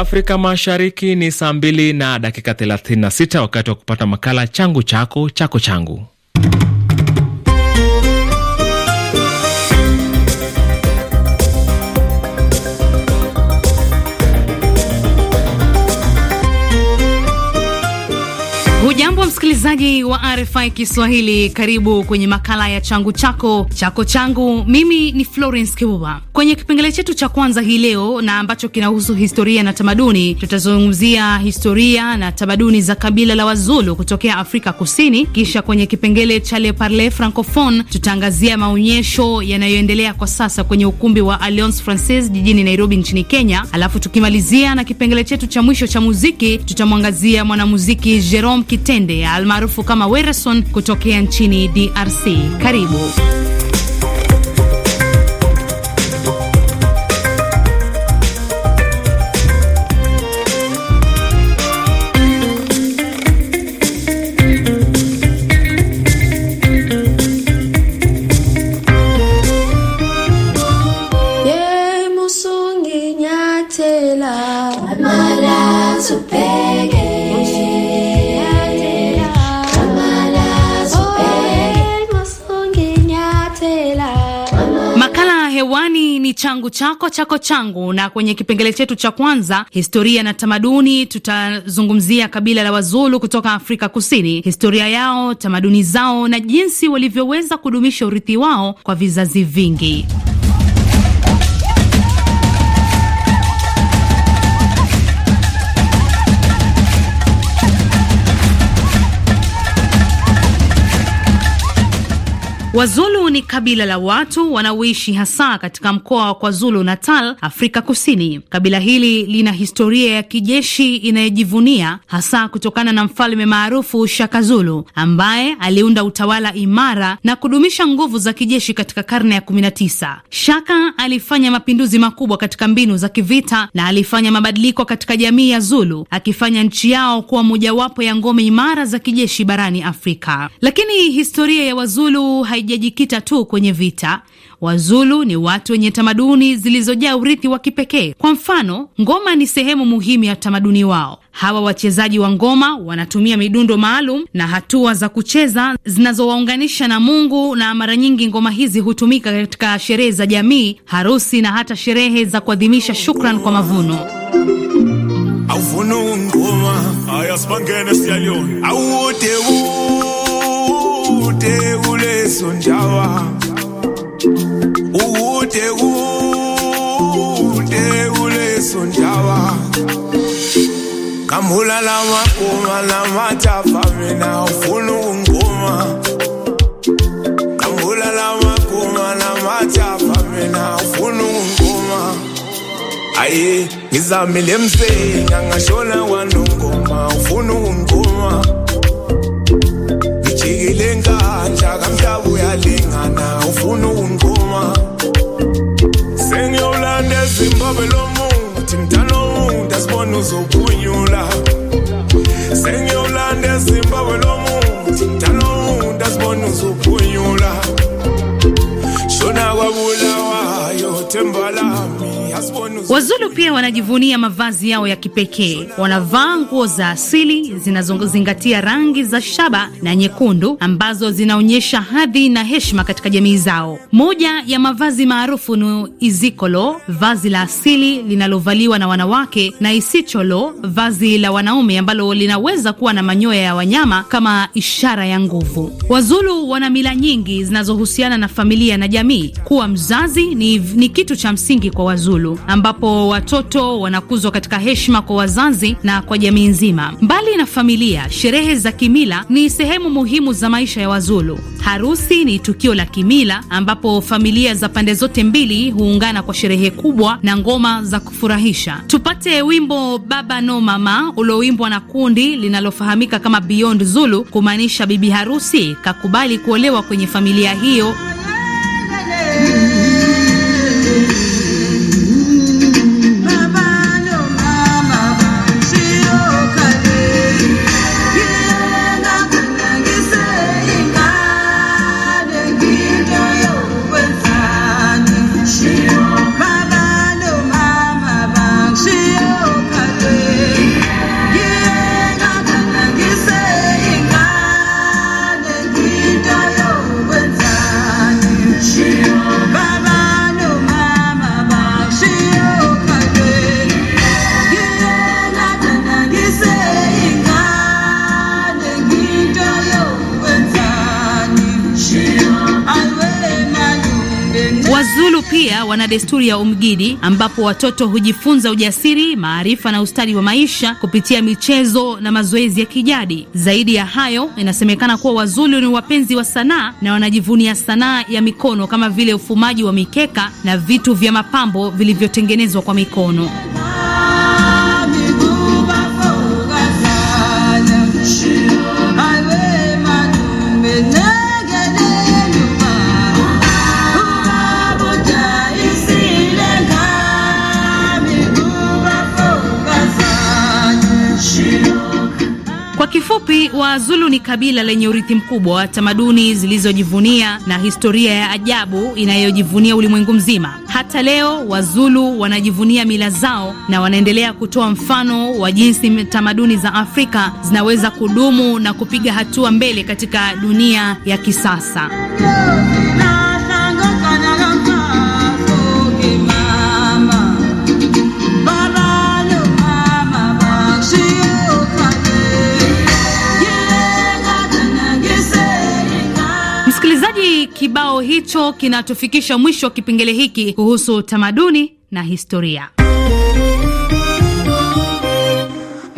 Afrika Mashariki ni saa 2 na dakika 36, wakati wa kupata makala changu chako chako changu. Msikilizaji wa RFI Kiswahili, karibu kwenye makala ya changu chako chako changu. Mimi ni Florence Kibuba. Kwenye kipengele chetu cha kwanza hii leo na ambacho kinahusu historia na tamaduni, tutazungumzia historia na tamaduni za kabila la Wazulu kutokea Afrika Kusini. Kisha kwenye kipengele cha Le Parle Francophone tutaangazia maonyesho yanayoendelea kwa sasa kwenye ukumbi wa Alliance Francaise jijini Nairobi nchini Kenya, alafu tukimalizia na kipengele chetu cha mwisho cha muziki tutamwangazia mwanamuziki Jerome Kitende almaarufu kama Wereson kutokea nchini DRC. Karibu. changu chako chako changu, na kwenye kipengele chetu cha kwanza, historia na tamaduni, tutazungumzia kabila la Wazulu kutoka Afrika Kusini, historia yao, tamaduni zao na jinsi walivyoweza kudumisha urithi wao kwa vizazi vingi. Wazulu ni kabila la watu wanaoishi hasa katika mkoa wa KwaZulu Natal, Afrika Kusini. Kabila hili lina historia ya kijeshi inayojivunia hasa kutokana na mfalme maarufu Shaka Zulu ambaye aliunda utawala imara na kudumisha nguvu za kijeshi katika karne ya 19. Shaka alifanya mapinduzi makubwa katika mbinu za kivita na alifanya mabadiliko katika jamii ya Zulu, akifanya nchi yao kuwa mojawapo ya ngome imara za kijeshi barani Afrika. Lakini historia ya Wazulu hai haijajikita tu kwenye vita. Wazulu ni watu wenye tamaduni zilizojaa urithi wa kipekee. Kwa mfano, ngoma ni sehemu muhimu ya utamaduni wao. Hawa wachezaji wa ngoma wanatumia midundo maalum na hatua za kucheza zinazowaunganisha na Mungu, na mara nyingi ngoma hizi hutumika katika sherehe za jamii, harusi na hata sherehe za kuadhimisha shukran kwa mavuno. Ngoma esunjawa Ude ule ulesunjawa Kamhula la makoma la mathafa mina ufuna ukungoma Kamhula la makoma la mathafa mina ufuna ukungoma Aye ngizamile msenga ngashona kwanongoma ufuna ukungoma Ngijikile unyaka mhlaba uyalingana ufuna ungquma sengiyowulanda ezimbabwe lo muntu mntana umuntu asibona uzophunyula Wazulu pia wanajivunia mavazi yao ya kipekee. Wanavaa nguo za asili zinazozingatia rangi za shaba na nyekundu ambazo zinaonyesha hadhi na heshima katika jamii zao. Moja ya mavazi maarufu ni izikolo, vazi la asili linalovaliwa na wanawake, na isicholo, vazi la wanaume ambalo linaweza kuwa na manyoya ya wanyama kama ishara ya nguvu. Wazulu wana mila nyingi zinazohusiana na familia na jamii. Kuwa mzazi ni, ni kitu cha msingi kwa Wazulu ambapo ambapo watoto wanakuzwa katika heshima kwa wazazi na kwa jamii nzima. Mbali na familia, sherehe za kimila ni sehemu muhimu za maisha ya Wazulu. Harusi ni tukio la kimila ambapo familia za pande zote mbili huungana kwa sherehe kubwa na ngoma za kufurahisha. Tupate wimbo Baba No Mama ulioimbwa na kundi linalofahamika kama Beyond Zulu, kumaanisha bibi harusi kakubali kuolewa kwenye familia hiyo. Pia wana desturi ya umgidi ambapo watoto hujifunza ujasiri, maarifa na ustadi wa maisha kupitia michezo na mazoezi ya kijadi. Zaidi ya hayo, inasemekana kuwa Wazulu ni wapenzi wa sanaa na wanajivunia sanaa ya mikono kama vile ufumaji wa mikeka na vitu vya mapambo vilivyotengenezwa kwa mikono. kifupi, Wazulu ni kabila lenye urithi mkubwa wa tamaduni zilizojivunia na historia ya ajabu inayojivunia ulimwengu mzima. Hata leo Wazulu wanajivunia mila zao na wanaendelea kutoa mfano wa jinsi tamaduni za Afrika zinaweza kudumu na kupiga hatua mbele katika dunia ya kisasa. kibao hicho kinatufikisha mwisho wa kipengele hiki kuhusu tamaduni na historia.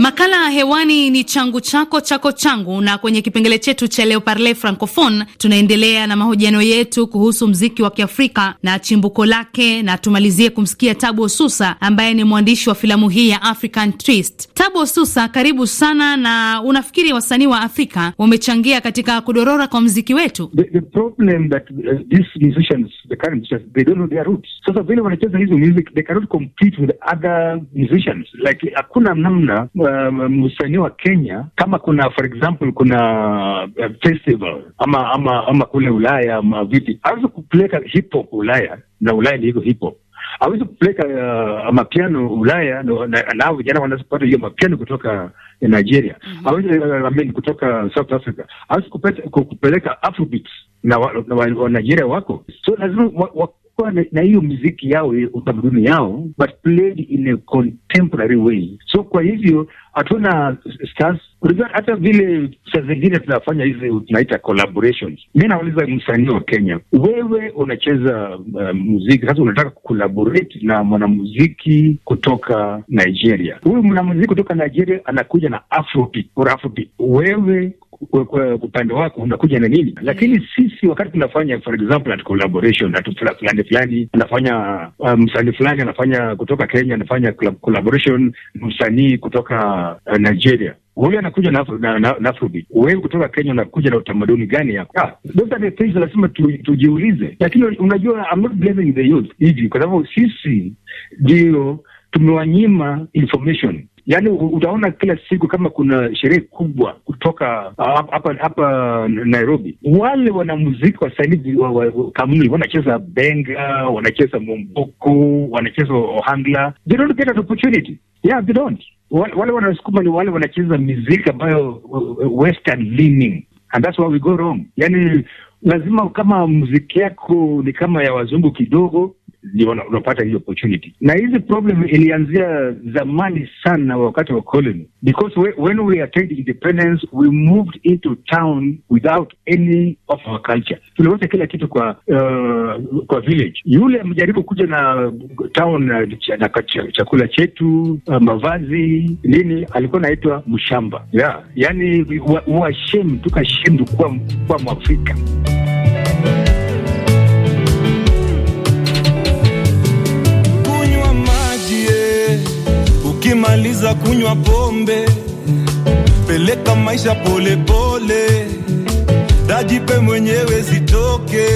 Makala hewani ni changu chako chako changu, na kwenye kipengele chetu cha leo Parle Francophone tunaendelea na mahojiano yetu kuhusu mziki wa Kiafrika na chimbuko lake, na tumalizie kumsikia Tabu Susa ambaye ni mwandishi wa filamu hii ya African Twist. Tabu Susa, karibu sana. Na unafikiri wasanii wa Afrika wamechangia katika kudorora kwa mziki wetu? The, the problem that, uh, these musicians, the current musicians, they don't know their roots. Sasa vile wanacheza hizo music, they cannot compete with other musicians, like hakuna namna uh, Um, msanii um, wa Kenya kama kuna for example kuna uh, festival ama ama ama kule Ulaya ama vipi, hawezi kupeleka hip hop Ulaya na Ulaya ni hiko hip hop hawezi kupeleka uh, mapiano Ulaya na, vijana wanazopata hiyo mapiano kutoka eh, Nigeria mhm. hawezi mm -hmm. I mean, kutoka South Africa hawezi kupeleka Afrobeat na, wa, na wa, wa Nigeria wako so lazima wa, wa, haikuwa na hiyo muziki yao utamaduni yao, but played in a contemporary way. So kwa hivyo hatuna hata vile saa zingine tunafanya hizi tunaita collaborations. Mi nauliza msanii wa Kenya, wewe unacheza uh, muziki sasa, unataka kucollaborate na mwanamuziki kutoka Nigeria. Huyu mwanamuziki kutoka Nigeria anakuja na afrobeat, wewe upande wako unakuja na nini, mm. lakini mm. sisi wakati tunafanya for example at collaboration at fulani fulani anafanya uh, msanii um, fulani anafanya kutoka Kenya anafanya collaboration msanii kutoka uh, Nigeria huyu anakuja na Afrobeat, wewe kutoka Kenya unakuja na utamaduni gani yako? Ah, lazima tujiulize, lakini unajua, I'm not blaming the youth hivi, kwa sababu sisi ndio tumewanyima information yani utaona kila siku kama kuna sherehe kubwa kutoka hapa hapa Nairobi, wale wanamuziki wasanii wa, wa, wa, kamili wanacheza benga, wanacheza momboko, wanacheza ohangla. They don't get an opportunity. Yeah, they don't. Wale wanasukuma ni wale wanacheza miziki ambayo uh, uh, western leaning and that's why we go wrong. Yani lazima kama muziki yako ni kama ya wazungu kidogo unapata hiyo opportunity. Na hizi problem ilianzia zamani sana wakati wa colony, because we, when we attained independence we moved into town without any of our culture. Tuliweza kila kitu kwa uh, kwa village. Yule amejaribu kuja na town uh, na chakula chetu, uh, mavazi, nini, alikuwa naitwa mshamba yeah. Yani washem tukashindwa kuwa Mwafrika. ukimaliza kunywa pombe, peleka maisha polepole pole, dajipe mwenyewe zitoke,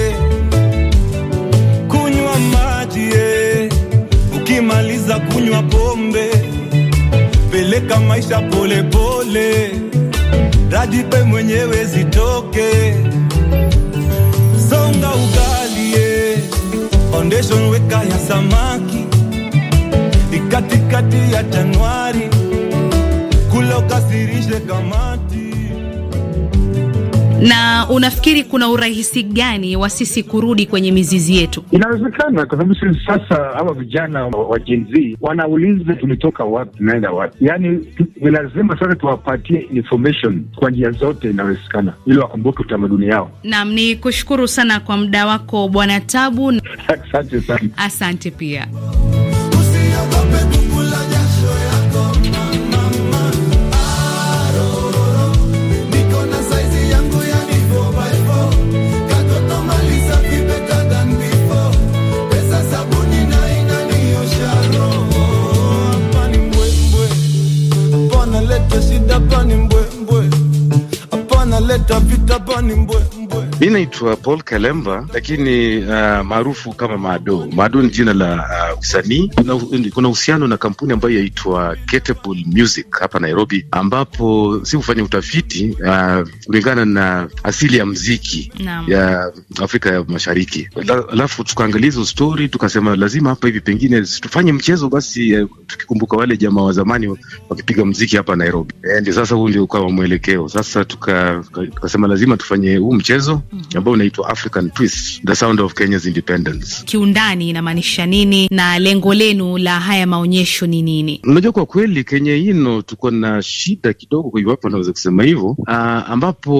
kunywa maji eh. Ukimaliza kunywa pombe, peleka maisha polepole pole, dajipe mwenyewe zitoke, songa ugalie eh. Foundation weka ya samaki katikati ya Januari kule ukasirishe kamati. Na unafikiri kuna urahisi gani wa sisi kurudi kwenye mizizi yetu? Inawezekana, kwa sababu sisi sasa hawa vijana wa Gen Z wanauliza tulitoka wapi, tunaenda wapi? Yaani ni lazima sasa tuwapatie information kwa njia zote, inawezekana ili wakumbuke utamaduni yao. Naam, ni kushukuru sana kwa muda wako Bwana Tabu. Asante sana. Asante pia. Mi naitwa Paul Kalemba, lakini uh, maarufu kama Mado. Mado ni jina la uh, usanii. Kuna uhusiano na kampuni ambayo yaitwa Music hapa Nairobi, ambapo si kufanya utafiti uh, kulingana uh, na asili ya mziki no. ya Afrika ya Mashariki, alafu la, tukaangalia hizo stori, tukasema lazima hapa hivi pengine tufanye mchezo basi, uh, tukikumbuka wale jamaa wa zamani wakipiga mziki hapa Nairobi. Eh, ndio sasa huu ndio ukawa mwelekeo. Sasa tukasema tuka, tuka lazima tufanye huu mchezo -hmm. ambao unaitwa African Twist, the sound of Kenya's independence. Kiundani inamaanisha nini na lengo lenu la haya maonyesho ni nini? Unajua, kwa kweli Kenya ino tuko na shida kidogo, iwapo naweza kusema hivyo, uh, ambapo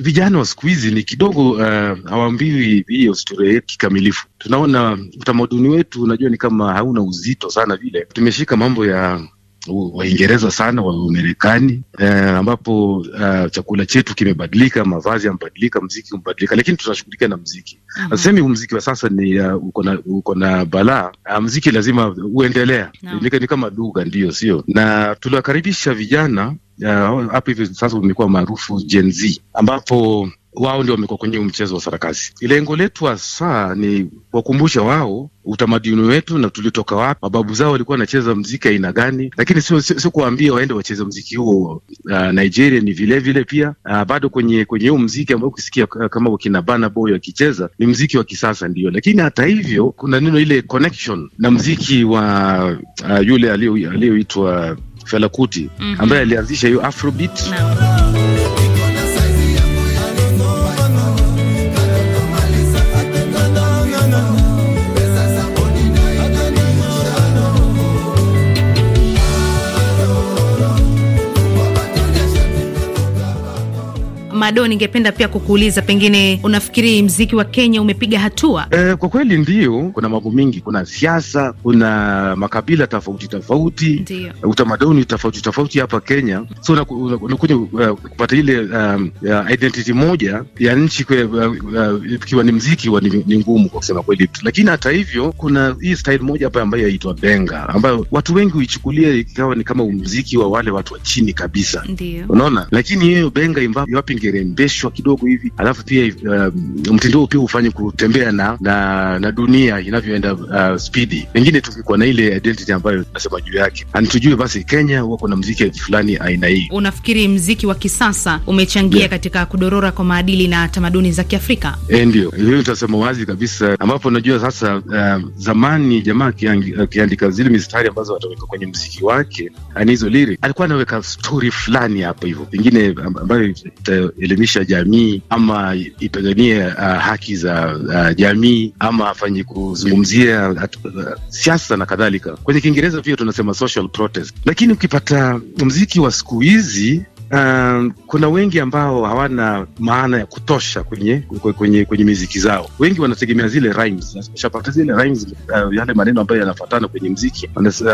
vijana wa siku hizi ni kidogo uh, ah, hawaambiwi hii historia yetu kikamilifu. Tunaona utamaduni wetu, unajua, ni kama hauna uzito sana vile, tumeshika mambo ya Waingereza sana wa marekani eh, ambapo uh, chakula chetu kimebadilika, mavazi yamebadilika, mziki umebadilika, lakini tunashughulika na mziki Asemi mhm. -hmm. mziki wa sasa ni uh, uko na balaa uh, mziki lazima uendelea no. Ni kama lugha ndio, sio na tuliwakaribisha vijana eh, hapa uh, hivi sasa umekuwa maarufu Gen Z ambapo wao ndio wamekuwa kwenye mchezo wa sarakasi. Lengo letu hasa ni wakumbushe wao utamaduni wetu na tulitoka wapi, mababu zao walikuwa wanacheza mziki aina gani, lakini sio sio kuwaambia waende wacheze mziki huo. Uh, Nigeria ni vilevile vile pia uh, bado kwenye kwenye huu mziki ambao ukisikia kama wakina Burna Boy wakicheza ni mziki wa kisasa ndio, lakini hata hivyo kuna neno ile connection na mziki wa uh, yule aliyoitwa Fela Kuti mm -hmm. ambaye alianzisha hiyo Afrobeat no. Mado, ningependa pia kukuuliza, pengine unafikiri mziki wa Kenya umepiga hatua? E, kwa kweli ndio, kuna mambo mingi kuna siasa, kuna makabila tofauti tofauti, ndio utamaduni tofauti tofauti hapa Kenya, so unakuja uh, kupata ile um, uh, identity moja ya nchi uh, uh, ikiwa uh, ni mziki wa, ni, ngumu kwa kusema kweli, lakini hata hivyo kuna hii style moja hapa ambayo yaitwa benga, ambayo watu wengi huichukulia ikawa ni kama mziki wa wale watu wa chini kabisa, ndio unaona, lakini hiyo benga wapi imerembeshwa kidogo hivi, alafu pia um, mtindo huu pia hufanye kutembea na, na, na dunia inavyoenda uh, spidi. Pengine tukikuwa na ile identity ambayo tunasema juu yake, yaani tujue basi Kenya wako na mziki fulani aina hii. Unafikiri mziki wa kisasa umechangia yeah, katika kudorora kwa maadili na tamaduni za Kiafrika? E, ndio hiyo tutasema wazi kabisa, ambapo najua sasa uh, zamani jamaa akiandika zile mistari ambazo ataweka kwenye mziki wake, ani hizo liri alikuwa anaweka stori fulani hapa hivo pengine ambayo elimisha jamii ama ipiganie uh, haki za uh, jamii ama afanye kuzungumzia uh, siasa na kadhalika. Kwenye Kiingereza pia tunasema social protest, lakini ukipata mziki wa siku hizi Uh, kuna wengi ambao hawana maana ya kutosha kwenye kwenye kwenye miziki zao. Wengi wanategemea zile rhymes, shapata zile rhymes uh, yale maneno ambayo yanafuatana kwenye mziki,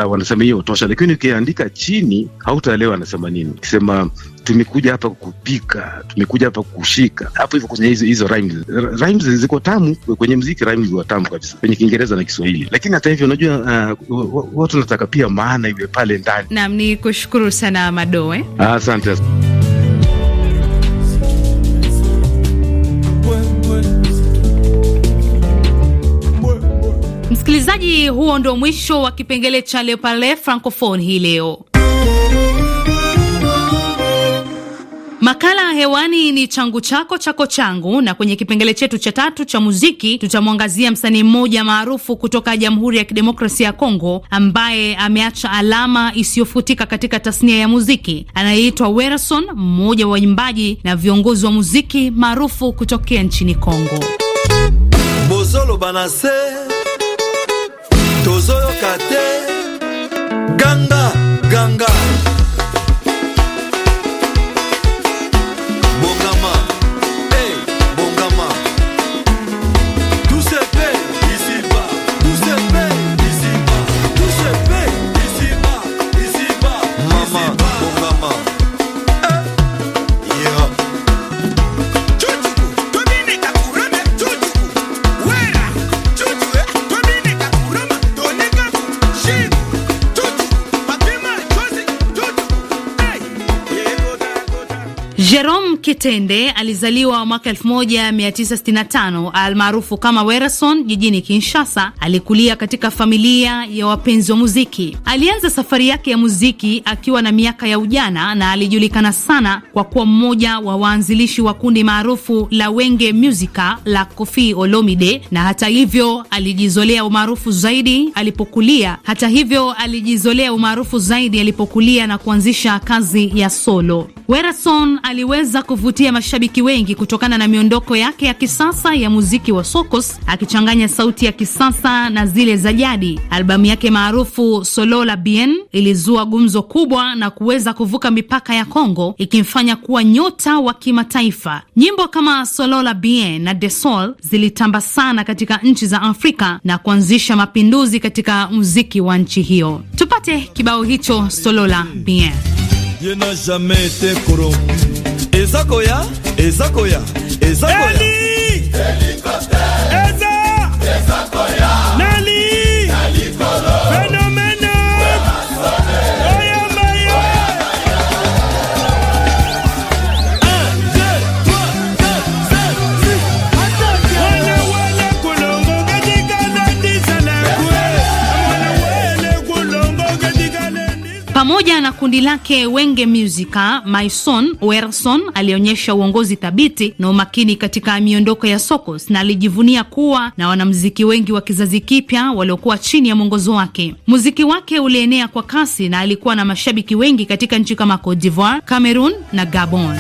wanasema hiyo tosha, lakini ukiandika chini hautaelewa anasema nini. Ukisema tumekuja hapa kupika, tumekuja hapa kushika. Hapo hivyo kwenye hizo hizo rhymes, rhymes ziko tamu kwenye mziki, rhymes wa tamu kabisa kwenye Kiingereza na Kiswahili. Lakini hata hivyo, unajua uh, watu wanataka pia maana iwe pale ndani. Naam, ni kushukuru sana Madoe, asante msikilizaji. Huo ndo mwisho wa kipengele cha Le Parler Francophone hii leo. Makala hewani ni changu chako chako changu, na kwenye kipengele chetu cha tatu cha muziki tutamwangazia msanii mmoja maarufu kutoka Jamhuri ya Kidemokrasia ya Kongo ambaye ameacha alama isiyofutika katika tasnia ya muziki, anayeitwa Werason, mmoja wa waimbaji na viongozi wa muziki maarufu kutokea nchini Kongo. Bozolo banase tozoyoka te ganga ganga Jerome Kitende alizaliwa mwaka 1965 almaarufu kama Werason jijini Kinshasa. Alikulia katika familia ya wapenzi wa muziki. Alianza safari yake ya muziki akiwa na miaka ya ujana na alijulikana sana kwa kuwa mmoja wa waanzilishi wa kundi maarufu la Wenge Musica la Koffi Olomide, na hata hivyo alijizolea umaarufu zaidi alipokulia. Hata hivyo alijizolea umaarufu zaidi alipokulia na kuanzisha kazi ya solo Werason aliweza kuvutia mashabiki wengi kutokana na miondoko yake ya kisasa ya muziki wa sokos, akichanganya sauti ya kisasa na zile za jadi. Albamu yake maarufu solola Bien ilizua gumzo kubwa na kuweza kuvuka mipaka ya Kongo, ikimfanya kuwa nyota wa kimataifa. Nyimbo kama solola Bien na De Sol zilitamba sana katika nchi za Afrika na kuanzisha mapinduzi katika muziki wa nchi hiyo. Tupate kibao hicho jamais été corrompu. eza koya eza koya eza koya eli Pamoja na kundi lake Wenge Musica, Myson Werson alionyesha uongozi thabiti na umakini katika miondoko ya sokos na alijivunia kuwa na wanamuziki wengi wa kizazi kipya waliokuwa chini ya mwongozo wake. Muziki wake ulienea kwa kasi na alikuwa na mashabiki wengi katika nchi kama Cote d'Ivoire, Cameroon na Gabon.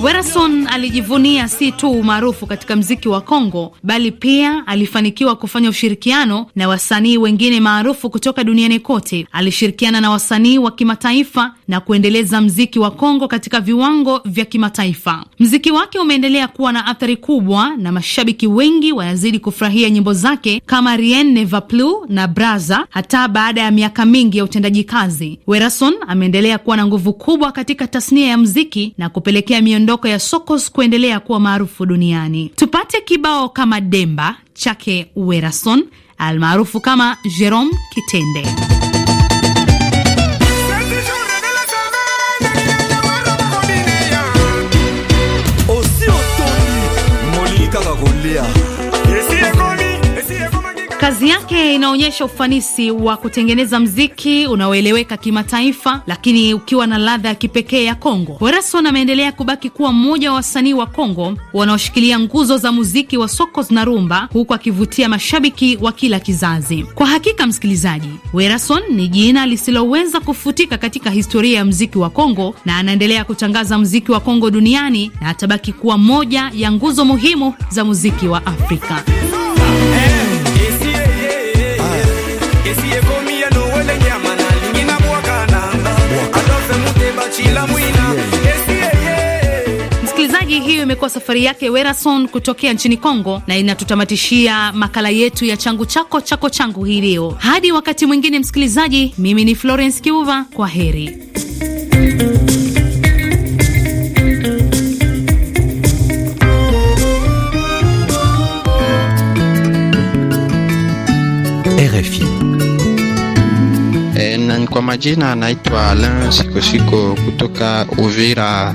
Werason alijivunia si tu umaarufu katika mziki wa Kongo bali pia alifanikiwa kufanya ushirikiano na wasanii wengine maarufu kutoka duniani kote. Alishirikiana na wasanii wa kimataifa na kuendeleza mziki wa Kongo katika viwango vya kimataifa. Mziki wake umeendelea kuwa na athari kubwa na mashabiki wengi wanazidi kufurahia nyimbo zake kama Rien ne va plus na Braza hata baada ya miaka mingi ya utendaji kazi. Werason ameendelea kuwa na nguvu kubwa katika tasnia ya mziki na kupelekea miondoko ya Sokos kuendelea kuwa maarufu duniani. Tupate kibao kama Demba chake Werason almaarufu kama Jerome Kitende. yake inaonyesha ufanisi wa kutengeneza mziki unaoeleweka kimataifa, lakini ukiwa na ladha ya kipekee ya Kongo. Werason ameendelea kubaki kuwa mmoja wa wasanii wa Kongo wanaoshikilia nguzo za muziki wa sokos na rumba, huku akivutia mashabiki wa kila kizazi. Kwa hakika, msikilizaji, Werason ni jina lisiloweza kufutika katika historia ya mziki wa Kongo na anaendelea kutangaza mziki wa Kongo duniani na atabaki kuwa moja ya nguzo muhimu za muziki wa Afrika. imekuwa safari yake Werason kutokea nchini Kongo, na inatutamatishia makala yetu ya changu chako chako changu hii leo. Hadi wakati mwingine, msikilizaji, mimi ni Florence Kiuva, kwa heri. Eh, kwa majina anaitwa Alain Sikosiko kutoka Uvira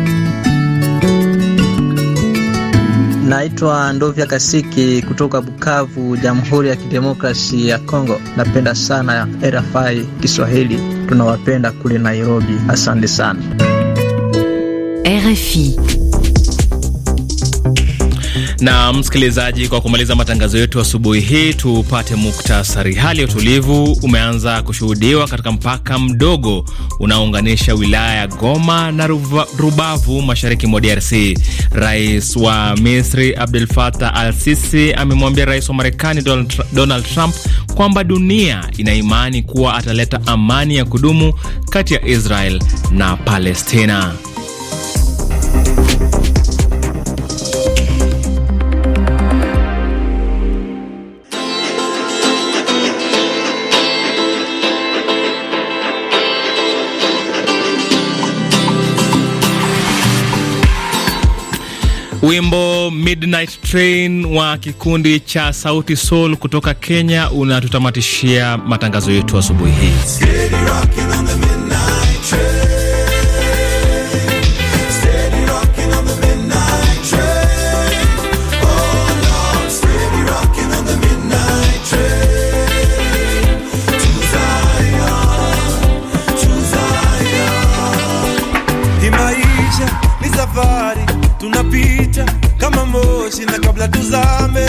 Naitwa Ndovya Kasiki kutoka Bukavu, Jamhuri ya Kidemokrasi ya Kongo. Napenda sana RFI Kiswahili, tunawapenda kule Nairobi. Asante sana RFI. Na msikilizaji, kwa kumaliza matangazo yetu asubuhi hii, tupate muktasari. Hali ya utulivu umeanza kushuhudiwa katika mpaka mdogo unaounganisha wilaya ya Goma na Rubavu mashariki mwa DRC. Rais wa Misri Abdel Fattah al-Sisi amemwambia rais wa Marekani Donald Trump kwamba dunia ina imani kuwa ataleta amani ya kudumu kati ya Israel na Palestina. Wimbo Midnight Train wa kikundi cha Sauti Soul kutoka Kenya unatutamatishia matangazo yetu asubuhi hii. dos amigos.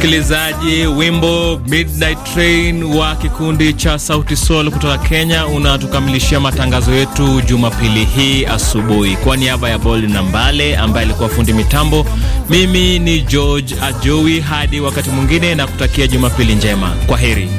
msikilizaji, wimbo Midnight Train wa kikundi cha Sauti Sol kutoka Kenya unatukamilishia matangazo yetu Jumapili hii asubuhi. Kwa niaba ya bol na Mbale ambaye alikuwa fundi mitambo, mimi ni George Ajowi. Hadi wakati mwingine, na kutakia Jumapili njema. Kwa heri.